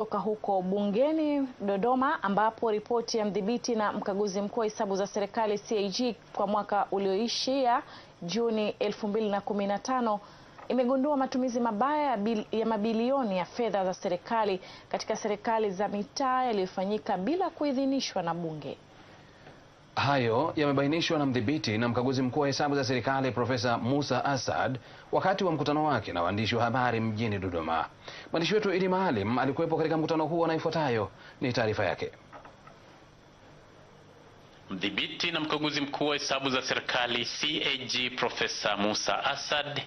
kutoka huko bungeni Dodoma, ambapo ripoti ya mdhibiti na mkaguzi mkuu wa hesabu za serikali CAG kwa mwaka ulioishia Juni 2015 imegundua matumizi mabaya ya mabilioni ya fedha za serikali katika serikali za mitaa yaliyofanyika bila kuidhinishwa na Bunge. Hayo yamebainishwa na mdhibiti na mkaguzi mkuu wa hesabu za serikali Profesa Musa Asad wakati wa mkutano wake na waandishi wa habari mjini Dodoma. Mwandishi wetu Idi Maalim alikuwepo katika mkutano huo na ifuatayo ni taarifa yake. Mdhibiti na mkaguzi mkuu wa hesabu za serikali CAG Profesa Musa Asad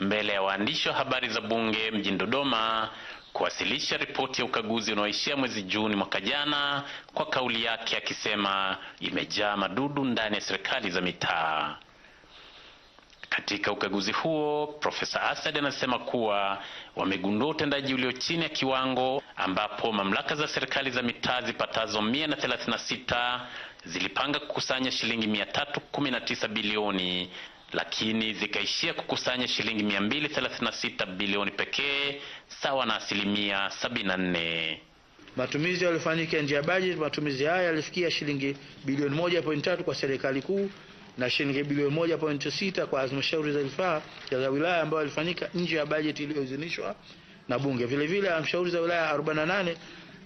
mbele ya waandishi wa habari za bunge mjini Dodoma kuwasilisha ripoti ya ukaguzi unaoishia mwezi Juni mwaka jana, kwa kauli yake akisema imejaa madudu ndani ya serikali za mitaa. Katika ukaguzi huo, Profesa Asad anasema kuwa wamegundua utendaji ulio chini ya kiwango, ambapo mamlaka za serikali za mitaa zipatazo 136 zilipanga kukusanya shilingi 319 bilioni lakini zikaishia kukusanya shilingi 236 bilioni pekee sawa na asilimia 74. Matumizi yaliyofanyika nje ya bajeti, matumizi haya yalifikia shilingi bilioni 1.3 kwa serikali kuu na shilingi bilioni 1.6 kwa halmashauri za rufaa za wilaya ambayo yalifanyika nje ya bajeti iliyoidhinishwa na Bunge. Vile vile halmashauri za wilaya 48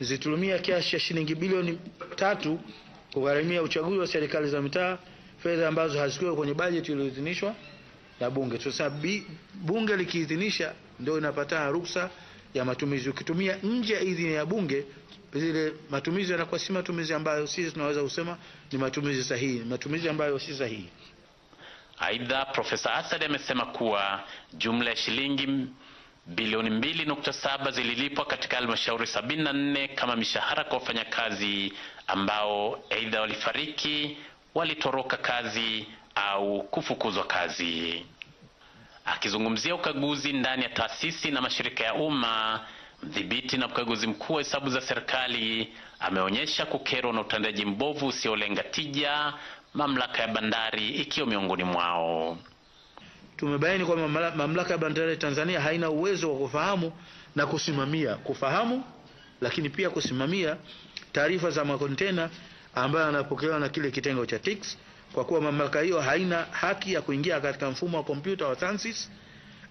zitumia kiasi cha shilingi bilioni 3 kugharamia uchaguzi wa serikali za mitaa fedha ambazo hazikuwa kwenye bajeti iliyoidhinishwa na bunge. Sasa bunge likiidhinisha ndio inapata ruksa ya matumizi. Ukitumia nje ya idhini ya bunge, zile matumizi yanakuwa si matumizi ambayo sisi tunaweza kusema ni matumizi sahihi, matumizi ambayo si sahihi. Aidha, Profesa Asad amesema kuwa jumla ya shilingi bilioni 2.7 zililipwa katika halmashauri 74 kama mishahara kwa wafanyakazi ambao aidha walifariki walitoroka kazi au kufukuzwa kazi. Akizungumzia ukaguzi ndani ya taasisi na mashirika ya umma, mdhibiti na mkaguzi mkuu wa hesabu za serikali ameonyesha kukerwa na utendaji mbovu usiolenga tija, mamlaka ya bandari ikiwa miongoni mwao. Tumebaini kwamba mamlaka ya bandari Tanzania haina uwezo wa kufahamu na kusimamia, kufahamu lakini pia kusimamia taarifa za makontena ambayo anapokelewa na kile kitengo cha TICS kwa kuwa mamlaka hiyo haina haki ya kuingia katika mfumo wa kompyuta wa TANCIS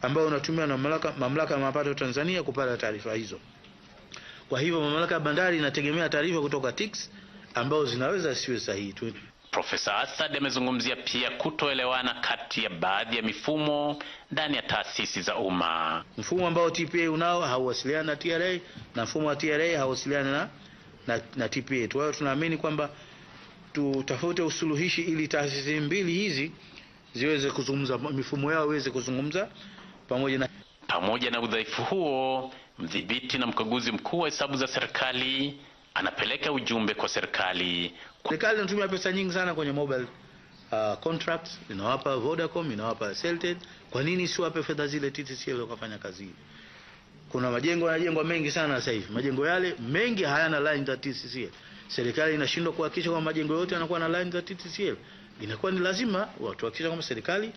ambao unatumiwa na mamlaka, mamlaka ya mapato Tanzania kupata taarifa hizo. Kwa hivyo mamlaka ya bandari inategemea taarifa kutoka TICS ambazo zinaweza siwe sahihi tu. Profesa Asad amezungumzia pia kutoelewana kati ya baadhi ya mifumo ndani ya taasisi za umma. Mfumo ambao TPA unao hauwasiliani na TRA na mfumo wa TRA hauwasiliani na na, na TPA yetu. Kwa hiyo tunaamini kwamba tutafute usuluhishi ili taasisi mbili hizi ziweze kuzungumza, mifumo yao iweze kuzungumza pamoja na pamoja na udhaifu huo, mdhibiti na mkaguzi mkuu wa hesabu za serikali anapeleka ujumbe kwa serikali. Serikali inatumia pesa nyingi sana kwenye mobile uh, contracts, inawapa Vodacom, inawapa Celtel. Kwa nini siwape fedha zile TTCL wakafanya kazi hii? Kuna majengo yanajengwa mengi sana sasa hivi. Majengo yale mengi hayana line za TCCL. Serikali inashindwa kuhakikisha kwamba majengo yote yanakuwa na line za TTCL. Inakuwa ni lazima watu hakikisha kwamba serikali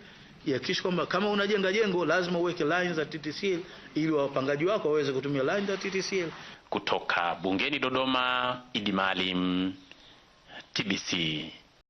ihakikishe kwamba kama unajenga jengo lazima uweke line za TTCL ili wapangaji wako waweze kutumia line za TTCL. Kutoka bungeni Dodoma, Idi Maalim, TBC.